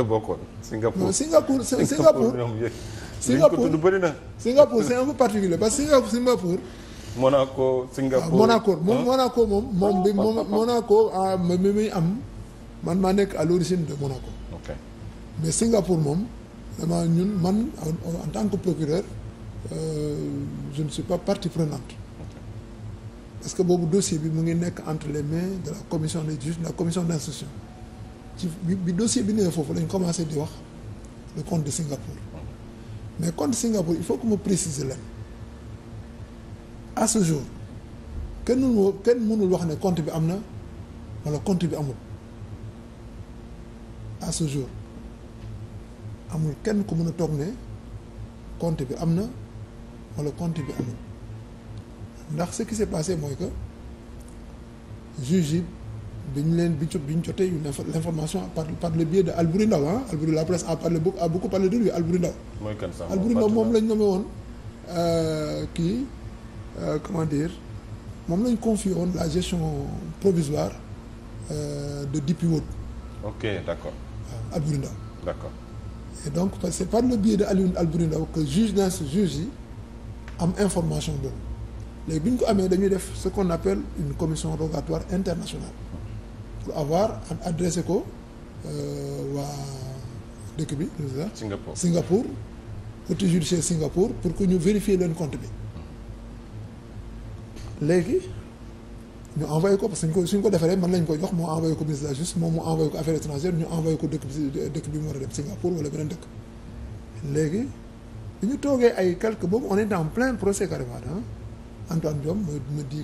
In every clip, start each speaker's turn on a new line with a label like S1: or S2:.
S1: la bokkoon Singapour Singapour Singapour Singapour ñoom Singapour c'est un peu particulier
S2: parce que Singapour.
S1: Monaco Singapour ah, Monaco moom
S2: Monaco moom moom bi moom Monaco ah, mi muy am man maa nekk à l'origine de Monaco. mais Singapour moom dama ñun man en tant que procureur euh, je ne suis pas partie prenante. parce que boobu dossier bi mu ngi nekk entre les mains de la commission des juges la commission d'instruction. ci bi dossier bi nee foofu lañ commencé di wax le compte de Singapour mais compte de Singapour il faut que ma préciser leen à ce jour kenn mënul kenn mënul wax ne compte bi am na wala compte bi amul à ce jour amul kenn ku mën a toog ne compte bi am na walla compte bi amul ndax ce qui s'est passé mooy que juge dañu leen bi ñu bi ñu jotee l' information par par le biais de Albouri Ndaw a parlé a beaucoup parlé de lui Albouri Ndaw.
S1: mooy kan sax Albouri
S2: Ndaw moom lañ nommé euh, kii euh, comment dire moom lañ confié woon la gestion provisoire euh, de Deep Wood.
S1: ok d' accord.
S2: waaw Albouri Ndaw. et donc parce que par le biais de Alioune Albouri Ndaw que juge dans juge yi am information boobu léegi bi ñu ko amee dañuy def ce qu'on appelle une commission rogatoire internationale. avoir ak adressé ko euh, waa dëkk bi. Singapour Singapour. outil judiciaire Singapour pour que ñu vérifier leen compte bi léegi ñu envoyé ko parce suñ ko suñ ko defaree man nañ ko jox moo envoyé ko ministre de moom mu envoyé ko affaires étrangères ñu envoyé ko dëkk bi dëkk bi mu war a dem Singapour wala beneen dëkk léegi bi ñu toogee ay quelque boobu on est en plein procès carrément ah Antoine Diome me dit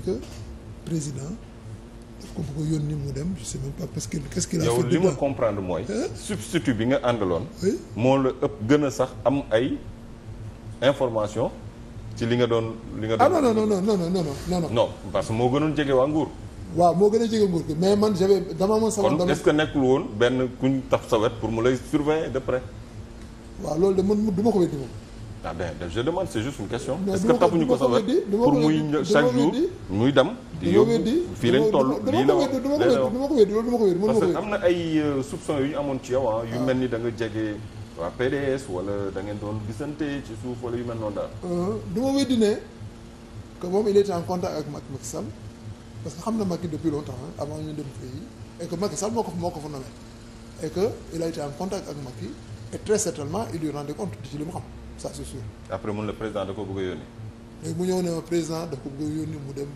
S2: président. daf ko bëgg a yónni mu dem je sais que qu'est-ce qu'il a fait yow li ma
S1: comprendre mooy substitut bi nga àndaloon moo la ëpp gën a sax am ay information ci li nga doon li nga doon ah non
S2: non non no
S1: non parce que moo gënoon jege waa nguur
S2: waaw moo gën a jege nguur gi mais man j'avais dama ma sama kon est
S1: que nekkul woon benn kuñ taf sa wet pour mu lay surveiller de près
S2: waaw loolu de man du ma ko weddi moom
S1: ah ben je demande c' est une question. est ce que tapuñu ko sa wet pour muy dem. fii lañ toll ko weddi
S2: loolu ko weddi parce que am na
S1: ay euh, soupçons yu ñu amoon ci yow ah, yu mel ni da nga jege waa PDS wala da ngeen doon gisante ci suuf wala yu mel noonu daal.
S2: Euh, du ma weddi ne que moom il était en contact ak Macky Macky Sall parce que xam na Macky depuis longtemps avant ñu dem fii et que Macky Sall moo ko moo ko fa nommé et que il a en contact ak Macky et très certainement i lui rendait compte xam. ça c'est sûr.
S1: après mun la président da ko bëgg a yónni.
S2: léegi mu ñëw ne ma président da ko bëgg a yónni mu dem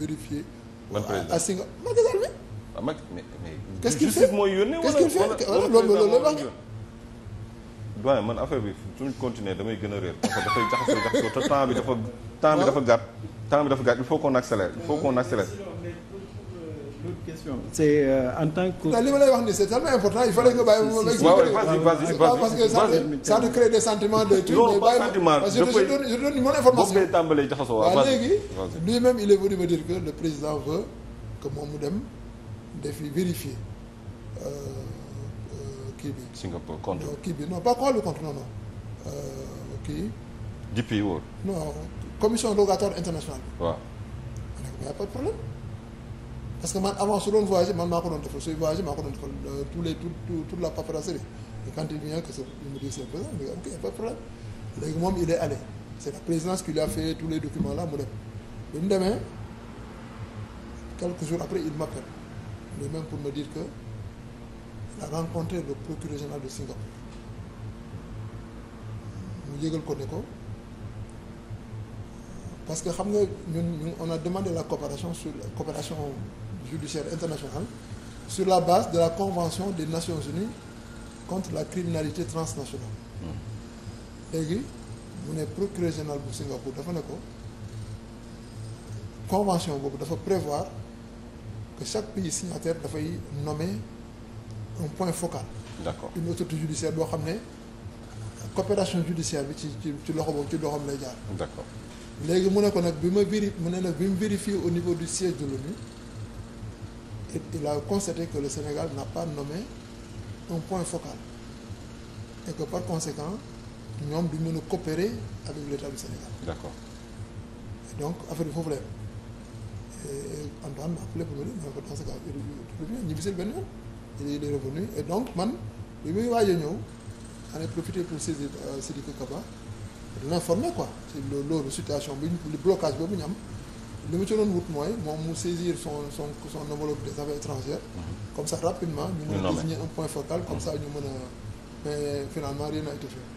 S2: vérifier. ban président à Singa Macky Sall
S1: bi. man affaire bi suñu continuer damay gën a réer parce dafay jaxasoo jaxasoo te temps bi dafa. temps bi dafa gàtt temps bi dafa gàtt il faut qu'on accélère il faut qu'on accélère.
S2: d'autres questions c'est euh, en tant que. li ma lay wax nii c'est tellement important il fallait que bàyyi ma ma expliquer parce que ça ça te crée des sentiments de. non pas sentiment parce que je donne je donne mon information. boobu ngay tàmbalee
S1: jaxasoo waaw léegi.
S2: lui-même il est venu me dire que le président veut que moom mu dem defi vérifier euh, euh, kii bi.
S1: Singapour contre
S2: kii bi non pas quoi le contre non non euh, kii. DPI wóor. non commission rogatoire internationale. waaw. mais y a pas de problème. parce que man avant su doon voyagé man maa ko doon defal suy voyagé maa ko doon defal euh, tous les tout toute la paperasserie et quand il vient que c'est il me dit c'est présent mais léegi moom il est allé c'est la présidence qui lui a fait tous les mu dem ba mu demee quelques jours après il m'appelle le même pour ma dire que il a rencontré le procureur général de Singapour mu yëgal ko ne ko parce que xam nga ñun on a demandé la coopération sur la coopération judiciaire internationale sur la base de la convention des Nations Unies contre la criminalité transnationale. léegi mu ne procureur général bu Singapour dafa ne ko convention boobu dafa prévoir que chaque pays signataire dafay nommer un point focal. d'accord une autorité judiciaire boo xam ne coopération judiciaire bi ci ci ci loxo boobu ci loxoom lay jaar. d'accord. léegi mu ne ko nag bi ma vérif mu na nag bi mu vérifié au niveau du siège de l'ONU il a constaté que le Sénégal n'a pas nommé un point focal et que par conséquent ñoom du mën a coopérer avec l'État du Sénégal. d'accord donc affaire bi foofu la yem Antoine appelé pour me dire et donc man li muy waaj a ñëw en profité pour saisir euh, Sidiki Kaba. l'informer quoi ci loolu situation bi le blocage boobu ñu am li mu ci doon wut mooy moom mu saisir son son son homologue des affaires étrangères mhm. comme ça rapidement ñu mën a désigner un point focal comme mhm. ça